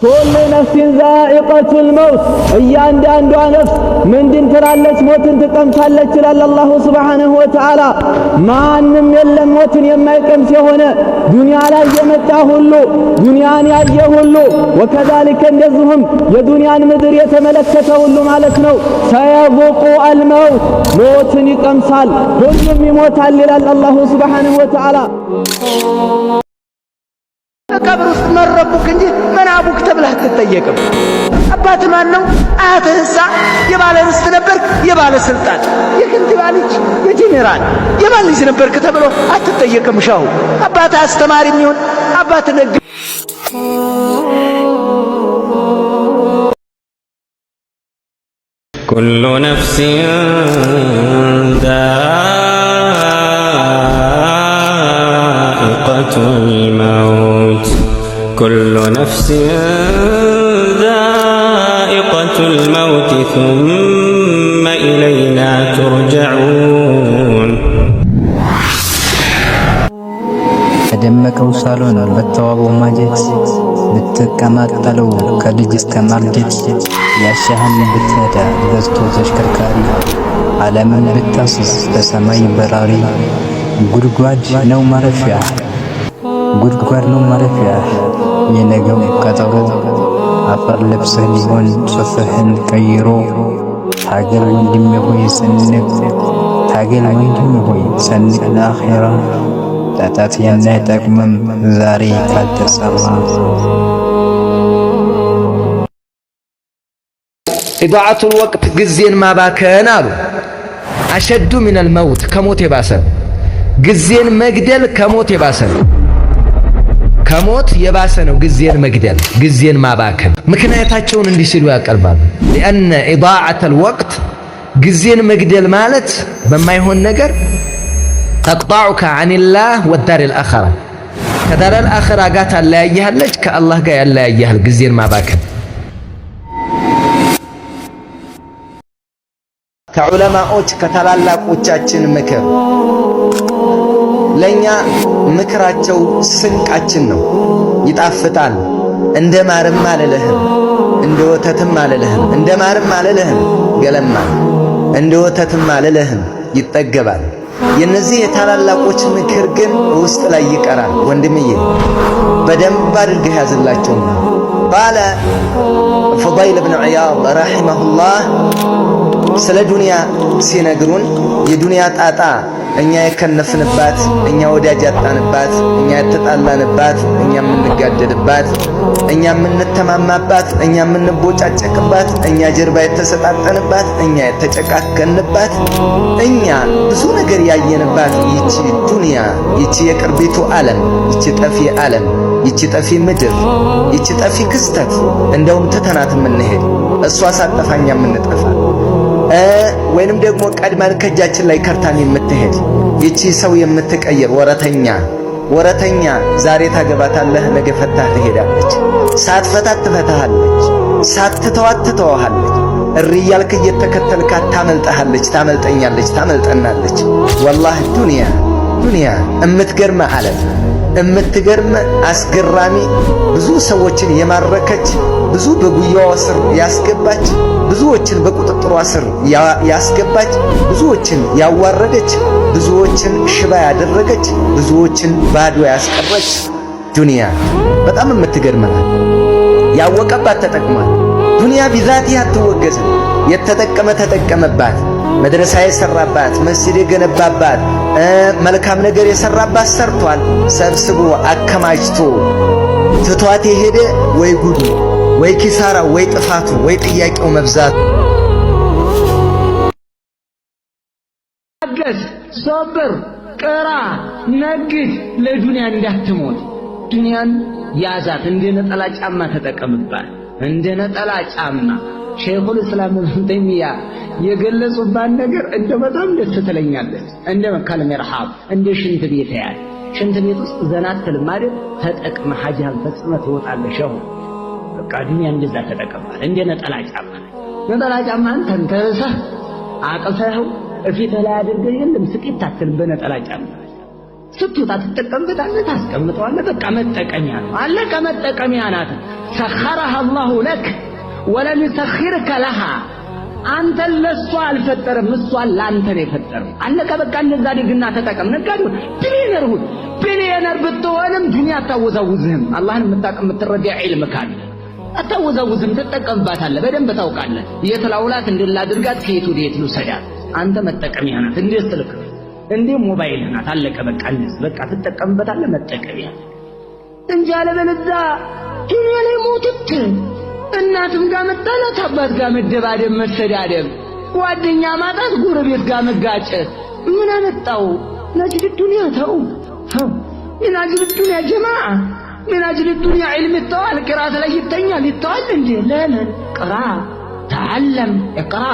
ኩሉ ነፍሲን ዛኢቀቱል መውት፣ እያንዳንዷ ነፍስ ምንድን ትላለች? ሞትን ትቀምሳለች ይላል አላሁ ስብሓነሁ ወተዓላ። ማንም የለም ሞትን የማይቀምስ የሆነ ዱንያ ላይ የመጣ ሁሉ ዱንያን ያየ ሁሉ፣ ወከዛሊከ እንደዚሁም የዱንያን ምድር የተመለከተ ሁሉ ማለት ነው። ሰየዙቁ አልመውት፣ ሞትን ይቀምሳል፣ ሁሉም ይሞታል ይላል አላሁ ስብሓነሁ ወተዓላ። ከቀብር ውስጥ መረቡክ እንጂ መናቡክ ተብላ አትጠየቅም። አባት ማን ነው? አያትህ እሳ የባለ ርስት ነበር፣ የባለ ስልጣን፣ የከንቲባ ልጅ፣ የጄኔራል የባል ልጅ ነበርክ ተብሎ አትጠየቅም። ሻሁ አባት አስተማሪ ይሁን አባት ነግ ኩሉ ነፍሲን ዳኢቀቱል ኩሉ ነፍሲን ዛኢቀቱል መውት ሱመ ኢለይና ቱርጀዑን። በደመቀው ሳሎን በተዋበው ማጀት ብትቀማጠለው ከልጅ እስከ ማርጀት ያሻህን ብትነዳ ገዝቶ ተሽከርካሪ ዓለምን ብታስስ በሰማይ በራሪ ጉድጓድ ነው ማረፊያ ጉድጓድ ነው ማረፊያ የነገው ቀጠሮ አፈር ለብሰህ ሊሆን ጽሑፍህን ቀይሮ ታገል ወንድሜ ሆይ ሰንቅ ታገል ወንድሜ ሆይ ሰንቅ ለአኼራ ጣጣት ያና አይጠቅምም ዛሬ ካልተሰራ። ኢዳዓቱል ወቅት ጊዜን ማባከን አሉ አሸዱ ሚነል መውት ከሞት የባሰ ጊዜን መግደል ከሞት የባሰ ነው። ከሞት የባሰ ነው ጊዜን መግደል፣ ጊዜን ማባከን። ምክንያታቸውን እንዲህ ሲሉ ያቀርባሉ። ሊአነ ኢዳዓተል ወቅት ጊዜን መግደል ማለት በማይሆን ነገር ተቅጣዑከ አንላህ ወዳሪል አኸራ ከዳሪል አኸራ ጋር ታለያያለች፣ ከአላህ ጋር ያለያያል ጊዜን ማባከን። ከዑለማዎች ከታላላቆቻችን ምክር ለኛ ምክራቸው ስንቃችን ነው። ይጣፍጣል። እንደ ማርም አልልህም፣ እንደ ወተትም አልልህም፣ እንደ ማርም አልልህም፣ ገለማ እንደ ወተትም አልልህም፣ ይጠገባል። የነዚህ የታላላቆች ምክር ግን ውስጥ ላይ ይቀራል። ወንድምዬ በደንብ አድርገህ ያዝላቸው። ቃለ ፉዳይል ብን ዕያድ ረሒመሁላህ ስለ ዱንያ ሲነግሩን የዱንያ ጣጣ እኛ የከነፍንባት፣ እኛ ወዳጅ ያጣንባት፣ እኛ የተጣላንባት፣ እኛ የምንጋደልባት፣ እኛ የምንተማማባት፣ እኛ የምንቦጫጨቅባት፣ እኛ ጀርባ የተሰጣጠንባት፣ እኛ የተጨቃከንባት፣ እኛ ብዙ ነገር ያየንባት ይቺ ዱንያ፣ ይቺ የቅርቢቱ ዓለም፣ ይቺ ጠፊ ዓለም፣ ይቺ ጠፊ ምድር፣ ይቺ ጠፊ ክስተት፣ እንደውም ትተናት የምንሄድ እሷ ሳጠፋኛ የምንጠፋ ወይንም ደግሞ ቀድማን ከእጃችን ላይ ከርታን የምትሄድ ይቺ ሰው የምትቀይር ወረተኛ ወረተኛ ዛሬ ታገባታለህ፣ ነገ ፈታህ ትሄዳለች። ሳትፈታት ትፈታሃለች፣ ሳትተዋት ትተዋሃለች። እሪ እያልክ እየተከተልካት ታመልጠሃለች፣ ታመልጠኛለች፣ ታመልጠናለች። ወላህ ዱንያ ዱንያ እምትገርመ ዓለም የምትገርም አስገራሚ ብዙ ሰዎችን የማረከች ብዙ በጉያዋ ስር ያስገባች ብዙዎችን በቁጥጥሯ ስር ያስገባች ብዙዎችን ያዋረደች ብዙዎችን ሽባ ያደረገች ብዙዎችን ባዶ ያስቀረች ዱንያ በጣም የምትገርመናል። ያወቀባት ተጠቅሟል። ዱንያ ቢዛት አትወገዝም። የተጠቀመ ተጠቀመባት። መድረሳ የሰራባት መስጂድ የገነባባት መልካም ነገር የሰራባት ሰርቷል። ሰብስቦ አከማችቶ ትቷት የሄደ ወይ ጉዱ ወይ ኪሳራ ወይ ጥፋቱ ወይ ጥያቄው መብዛቱ አገዝ ሶብር ቅራ ነግድ ለዱንያ እንዳትሞት ዱንያን ያዛት እንደ ነጠላ ጫማ ተጠቀምባት እንደ ነጠላ ጫማ ሼኹል እስላም ኢብኑ ተይሚያ የገለጹባት ነገር እንደ በጣም ደስ ትለኛለች። እንደ መካል መርሃብ እንደ ሽንት ቤት ያል ሽንት ቤት ውስጥ ዘና አትልም ተጠቅመ ሐጃን ፈጽመ ትወጣለህ። ሸሁ በቃ ዱንያ እንደዛ ተጠቀማል። እንደ ነጠላ ጫማ ነጠላ ጫማን ተንተሰህ አቅፈኸው እፊትህ ላይ አድርገህ የለም ስቂት አትልም። በነጠላ ጫማ ስትወጣ ትጠቀምበታለህ፣ ታስቀምጠዋለህ። በቃ መጠቀሚያ ነው፣ አለቀ። መጠቀሚያ ናት። ሰኸረሃ አላሁ ለክ ወለም ዩሰኺርከ ለሃ አንተን ለሷ አልፈጠርም፣ እሷን ለአንተ ነው የፈጠረው። አለቀ በቃ። እንደዛ ደግና ተጠቀም። ነጋዴው ቢሊየነር ሁን፣ ቢሊየነር ብትሆንም ዱንያ አታወዛውዝህም። አላህን የምታውቅ የምትረዳ ዒልም ካለ አታወዛውዝህም፣ ትጠቀምባታለህ፣ በደንብ ታውቃለህ። የትላውላት እንድላድርጋት ከየት ወደ የት ልውሰዳት? አንተ መጠቀሚያ ናት። እንዴ ስልክ፣ እንዴ ሞባይል ናት። አለቀ በቃ። እንደዚህ በቃ ትጠቀምበታለህ፣ መጠቀሚያ እንጂ አለበለዚያ ዱንያ ላይ ሞትት እናትም ጋር መጣላት፣ አባት ጋር መደባደብ፣ መሰዳደብ፣ ጓደኛ ማጣት፣ ጎረቤት ጋር መጋጨት ምን አመጣው? ናጅል ዱንያ ተው ተው። ምን አጅድ ዱንያ ጀማዓ፣ ምን አጅድ ዱንያ ዒልም ይተዋል። ቅራት ላይ ይተኛል ይተዋል እንዴ? ለምን ቅራ ተዓለም ቅራ